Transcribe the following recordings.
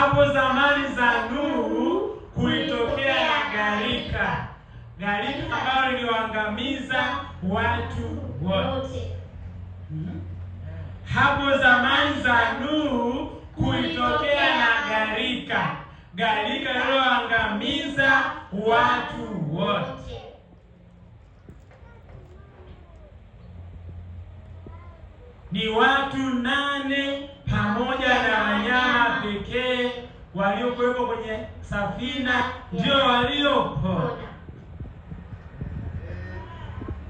hapo zamani za Nuhu kulitokea gharika, gharika ambayo liliwaangamiza watu wote. Hmm? Hapo zamani za Nuhu kulitokea na gharika, gharika lililoangamiza watu wote. Ni watu nane safina ndio waliopona.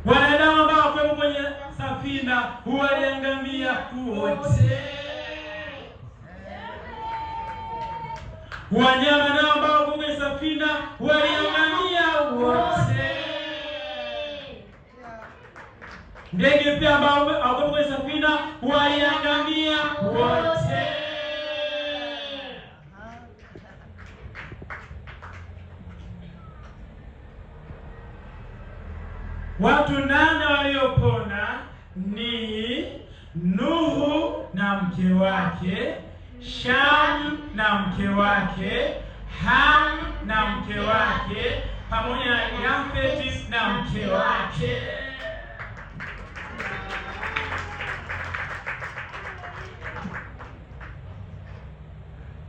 Wanadamu ambao wakiwemo kwenye safina waliangamia wote. Wanyama nao ambao kwenye safina waliangamia wote. Ndege pia ambao wakiwemo kwenye safina waliangamia wote. Watu nane waliopona ni Nuhu na mke wake, Sham na mke wake, Ham na mke wake pamoja na Yafeti na mke wake.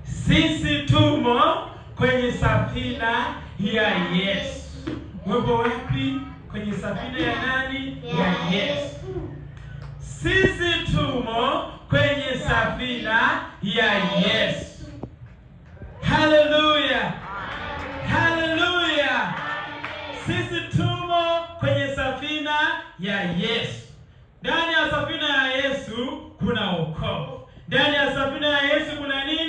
Sisi tumo kwenye safina ya Yesu. Wepo wapi? Kwenye safina ya nani? Ya Yesu. Sisi tumo kwenye safina ya Yesu. Haleluya, haleluya! Sisi tumo kwenye safina ya Yesu. Ndani ya safina ya Yesu kuna wokovu. Ndani ya safina ya Yesu kuna nini?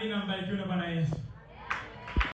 Amina, mbarikiwe na Bwana Yesu.